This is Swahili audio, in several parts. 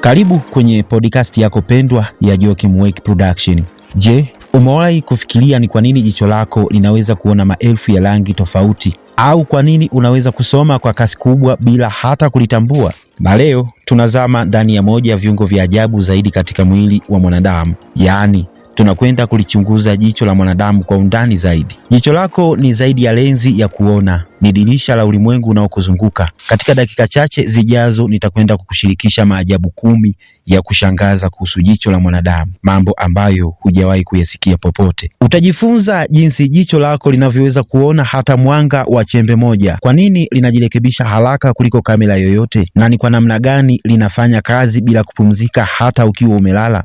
Karibu kwenye podcast yako pendwa ya Joakim Work Production. Je, umewahi kufikiria ni kwa nini jicho lako linaweza kuona maelfu ya rangi tofauti au kwa nini unaweza kusoma kwa kasi kubwa bila hata kulitambua? Na leo tunazama ndani ya moja ya viungo vya ajabu zaidi katika mwili wa mwanadamu, yaani tunakwenda kulichunguza jicho la mwanadamu kwa undani zaidi. Jicho lako ni zaidi ya lenzi ya kuona, ni dirisha la ulimwengu unaokuzunguka. Katika dakika chache zijazo, nitakwenda kukushirikisha maajabu kumi ya kushangaza kuhusu jicho la mwanadamu, mambo ambayo hujawahi kuyasikia popote. Utajifunza jinsi jicho lako linavyoweza kuona hata mwanga wa chembe moja, kwa nini linajirekebisha haraka kuliko kamera yoyote, na ni kwa namna gani linafanya kazi bila kupumzika hata ukiwa umelala.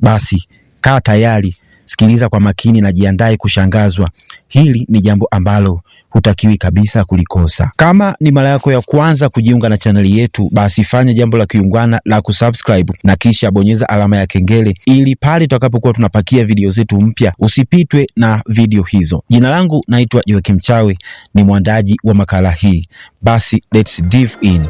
Basi kaa tayari, sikiliza kwa makini na jiandae kushangazwa. Hili ni jambo ambalo hutakiwi kabisa kulikosa. Kama ni mara yako ya kwanza kujiunga na chaneli yetu, basi fanya jambo la kiungwana la kusubscribe na kisha bonyeza alama ya kengele ili pale tutakapokuwa tunapakia video zetu mpya usipitwe na video hizo. Jina langu naitwa Joakim Chawe, ni mwandaji wa makala hii. Basi let's dive in.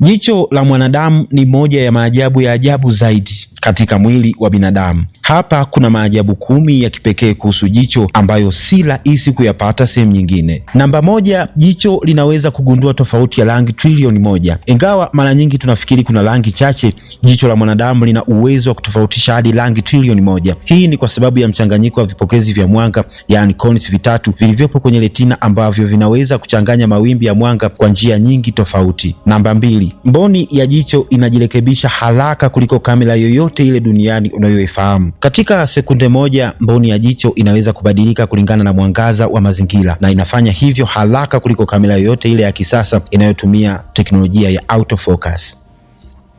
Jicho la mwanadamu ni moja ya maajabu ya ajabu zaidi katika mwili wa binadamu. Hapa kuna maajabu kumi ya kipekee kuhusu jicho ambayo si rahisi kuyapata sehemu nyingine. Namba moja, jicho linaweza kugundua tofauti ya rangi trilioni moja. Ingawa mara nyingi tunafikiri kuna rangi chache, jicho la mwanadamu lina uwezo wa kutofautisha hadi rangi trilioni moja. Hii ni kwa sababu ya mchanganyiko wa vipokezi vya mwanga, yani cones vitatu vilivyopo kwenye retina ambavyo vinaweza kuchanganya mawimbi ya mwanga kwa njia nyingi tofauti. Namba mbili, mboni ya jicho inajirekebisha haraka kuliko kamera yoyote yoyote ile duniani unayoifahamu. Katika sekunde moja, mboni ya jicho inaweza kubadilika kulingana na mwangaza wa mazingira, na inafanya hivyo haraka kuliko kamera yoyote ile ya kisasa inayotumia teknolojia ya autofocus.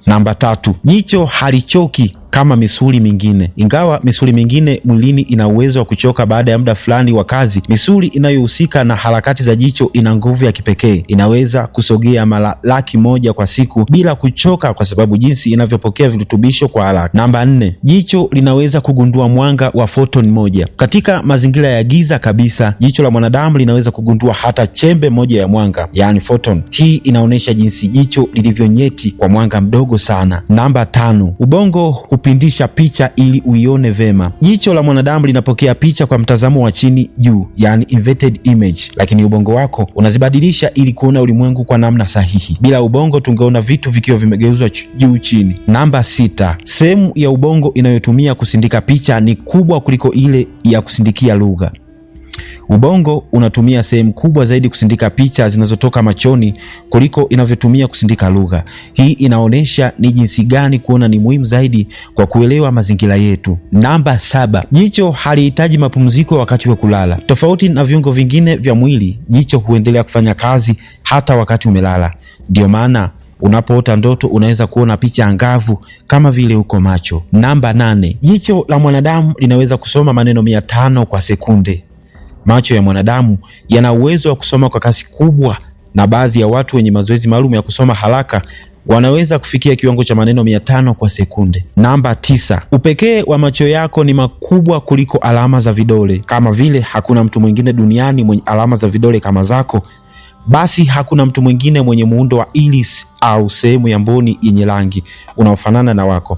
Namba tatu, jicho halichoki kama misuli mingine. Ingawa misuli mingine mwilini ina uwezo wa kuchoka baada ya muda fulani wa kazi, misuli inayohusika na harakati za jicho ina nguvu ya kipekee. Inaweza kusogea mara laki moja kwa siku bila kuchoka, kwa sababu jinsi inavyopokea virutubisho kwa haraka. Namba nne, jicho linaweza kugundua mwanga wa fotoni moja. Katika mazingira ya giza kabisa, jicho la mwanadamu linaweza kugundua hata chembe moja ya mwanga, yaani fotoni. Hii inaonyesha jinsi jicho lilivyo nyeti kwa mwanga mdogo sana. Namba tano, ubongo kupindisha picha ili uione vema. Jicho la mwanadamu linapokea picha kwa mtazamo wa chini juu, yani inverted image, lakini ubongo wako unazibadilisha ili kuona ulimwengu kwa namna sahihi. Bila ubongo tungeona vitu vikiwa vimegeuzwa juu chini. Namba sita, sehemu ya ubongo inayotumia kusindika picha ni kubwa kuliko ile ya kusindikia lugha. Ubongo unatumia sehemu kubwa zaidi kusindika picha zinazotoka machoni kuliko inavyotumia kusindika lugha. Hii inaonyesha ni jinsi gani kuona ni muhimu zaidi kwa kuelewa mazingira yetu. Namba saba, jicho halihitaji mapumziko wakati wa kulala. Tofauti na viungo vingine vya mwili, jicho huendelea kufanya kazi hata wakati umelala. Ndiyo maana unapoota ndoto unaweza kuona picha angavu kama vile uko macho. Namba nane, jicho la mwanadamu linaweza kusoma maneno mia tano kwa sekunde macho ya mwanadamu yana uwezo wa kusoma kwa kasi kubwa, na baadhi ya watu wenye mazoezi maalum ya kusoma haraka wanaweza kufikia kiwango cha maneno mia tano kwa sekunde. Namba tisa, upekee wa macho yako ni makubwa kuliko alama za vidole. Kama vile hakuna mtu mwingine duniani mwenye alama za vidole kama zako, basi hakuna mtu mwingine mwenye muundo wa iris au sehemu ya mboni yenye rangi unaofanana na wako.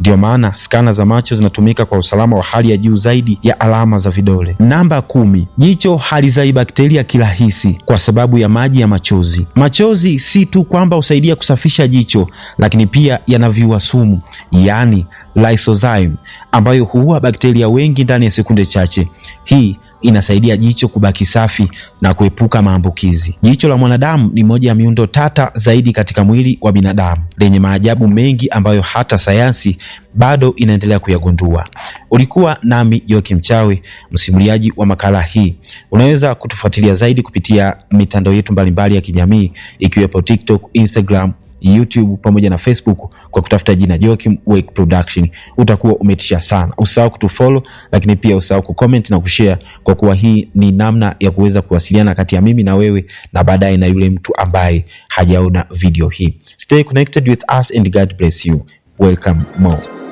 Ndiyo maana skana za macho zinatumika kwa usalama wa hali ya juu zaidi ya alama za vidole. Namba kumi, jicho halizai bakteria kirahisi kwa sababu ya maji ya machozi. Machozi si tu kwamba husaidia kusafisha jicho, lakini pia yanaviua sumu, yaani lysozyme, ambayo huua bakteria wengi ndani ya sekunde chache. Hii inasaidia jicho kubaki safi na kuepuka maambukizi. Jicho la mwanadamu ni moja ya miundo tata zaidi katika mwili wa binadamu lenye maajabu mengi ambayo hata sayansi bado inaendelea kuyagundua. Ulikuwa nami Joakim Chawe, msimuliaji wa makala hii. Unaweza kutufuatilia zaidi kupitia mitandao yetu mbalimbali ya kijamii ikiwepo TikTok, Instagram YouTube pamoja na Facebook kwa kutafuta jina Joakim Wake Production. Utakuwa umetisha sana. Usahau kutufollow, lakini pia usahau kucomment na kushare, kwa kuwa hii ni namna ya kuweza kuwasiliana kati ya mimi na wewe na baadaye na yule mtu ambaye hajaona video hii. Stay connected with us and God bless you. Welcome more.